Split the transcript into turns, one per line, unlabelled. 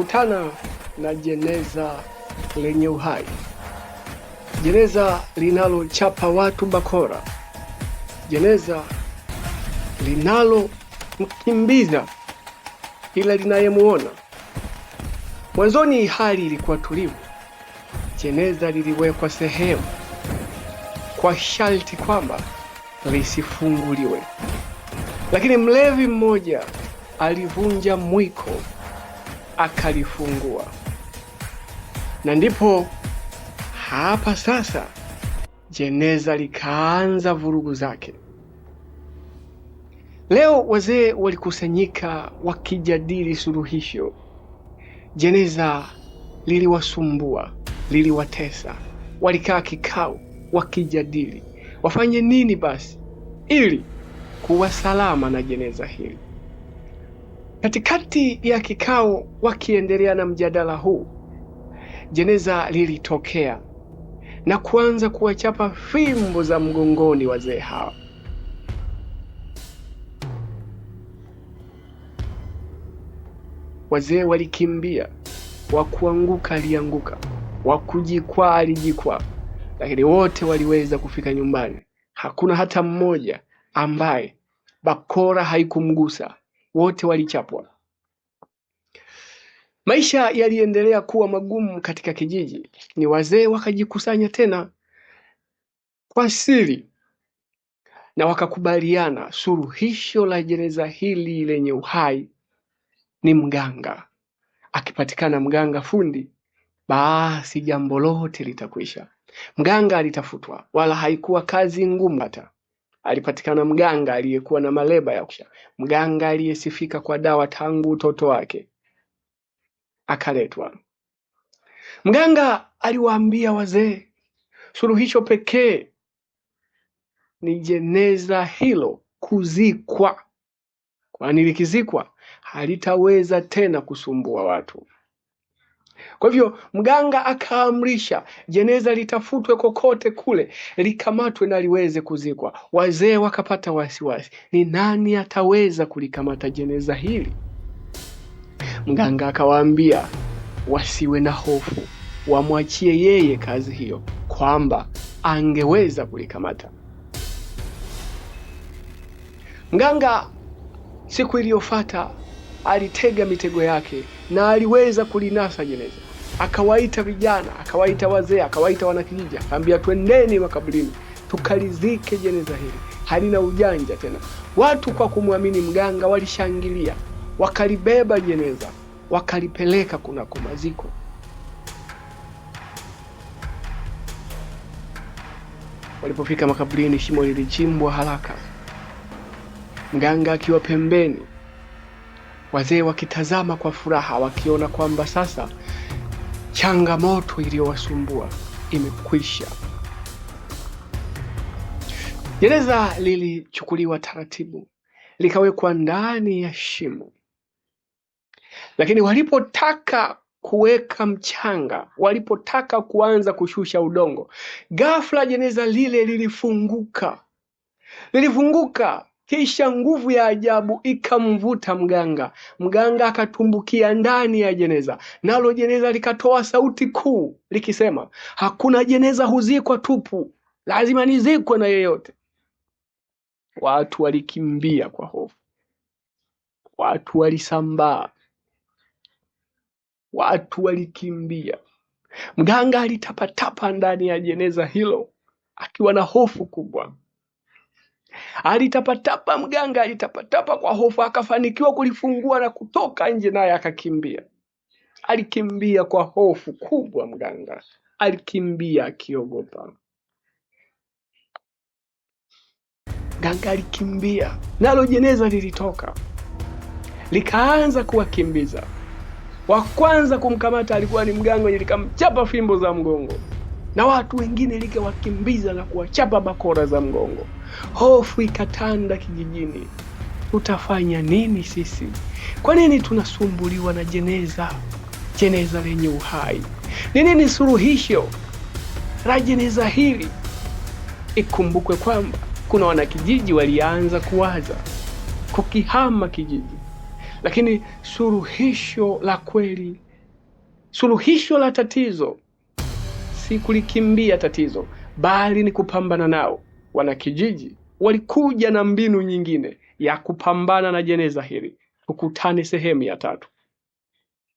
kukutana na jeneza lenye uhai, jeneza linalochapa watu bakora, jeneza linalomkimbiza kila linayemuona. Mwanzoni hali ilikuwa tulivu. Jeneza liliwekwa sehemu kwa sharti kwamba lisifunguliwe, lakini mlevi mmoja alivunja mwiko akalifungua, na ndipo hapa sasa jeneza likaanza vurugu zake. Leo wazee walikusanyika wakijadili suluhisho. Jeneza liliwasumbua, liliwatesa. Walikaa kikao wakijadili wafanye nini basi ili kuwa salama na jeneza hili. Katikati ya kikao, wakiendelea na mjadala huu, jeneza lilitokea na kuanza kuwachapa fimbo za mgongoni wazee hawa. Wazee walikimbia, wa kuanguka alianguka, wa kujikwaa alijikwaa, lakini wote waliweza kufika nyumbani. Hakuna hata mmoja ambaye bakora haikumgusa wote walichapwa. Maisha yaliendelea kuwa magumu katika kijiji. Ni wazee wakajikusanya tena kwa siri na wakakubaliana suluhisho la jereza hili lenye uhai ni mganga. Akipatikana mganga fundi, basi jambo lote litakwisha. Mganga alitafutwa, wala haikuwa kazi ngumu hata alipatikana mganga aliyekuwa na maleba ya kusha, mganga aliyesifika kwa dawa tangu utoto wake akaletwa. Mganga aliwaambia wazee, suluhisho pekee ni jeneza hilo kuzikwa, kwani likizikwa halitaweza tena kusumbua watu. Kwa hivyo mganga akaamrisha jeneza litafutwe kokote kule, likamatwe na liweze kuzikwa. Wazee wakapata wasiwasi, ni nani ataweza kulikamata jeneza hili? Mganga akawaambia wasiwe na hofu, wamwachie yeye kazi hiyo, kwamba angeweza kulikamata. Mganga siku iliyofuata alitega mitego yake na aliweza kulinasa jeneza. Akawaita vijana, akawaita wazee, akawaita wanakijiji, akaambia twendeni makaburini tukalizike jeneza hili, halina ujanja tena. Watu kwa kumwamini mganga walishangilia, wakalibeba jeneza, wakalipeleka kunako maziko. Walipofika makaburini, shimo lilichimbwa haraka, mganga akiwa pembeni wazee wakitazama kwa furaha, wakiona kwamba sasa changamoto iliyowasumbua imekwisha. jeneza lilichukuliwa taratibu, likawekwa ndani ya shimo, lakini walipotaka kuweka mchanga, walipotaka kuanza kushusha udongo, ghafla jeneza lile lilifunguka, lilifunguka kisha nguvu ya ajabu ikamvuta mganga, mganga akatumbukia ndani ya jeneza, nalo jeneza likatoa sauti kuu likisema, hakuna jeneza huzikwa tupu, lazima nizikwe na yeyote. Watu walikimbia kwa hofu, watu walisambaa, watu walikimbia. Mganga alitapatapa ndani ya jeneza hilo akiwa na hofu kubwa. Alitapatapa mganga, alitapatapa kwa hofu, akafanikiwa kulifungua na kutoka nje, naye akakimbia. Alikimbia kwa hofu kubwa, mganga alikimbia akiogopa. Mganga alikimbia, nalo jeneza lilitoka likaanza kuwakimbiza. Wa kwanza kumkamata alikuwa ni mganga mwenye, likamchapa fimbo za mgongo na watu wengine likawakimbiza na kuwachapa bakora za mgongo. Hofu ikatanda kijijini. Tutafanya nini sisi? Kwa nini tunasumbuliwa na jeneza, jeneza lenye uhai? Ni nini suluhisho la jeneza hili? Ikumbukwe kwamba kuna wanakijiji walianza kuwaza kukihama kijiji, lakini suluhisho la kweli, suluhisho la tatizo si kulikimbia tatizo, bali ni kupambana nao. Wanakijiji walikuja na mbinu nyingine ya kupambana na jeneza hili. Tukutane sehemu ya tatu.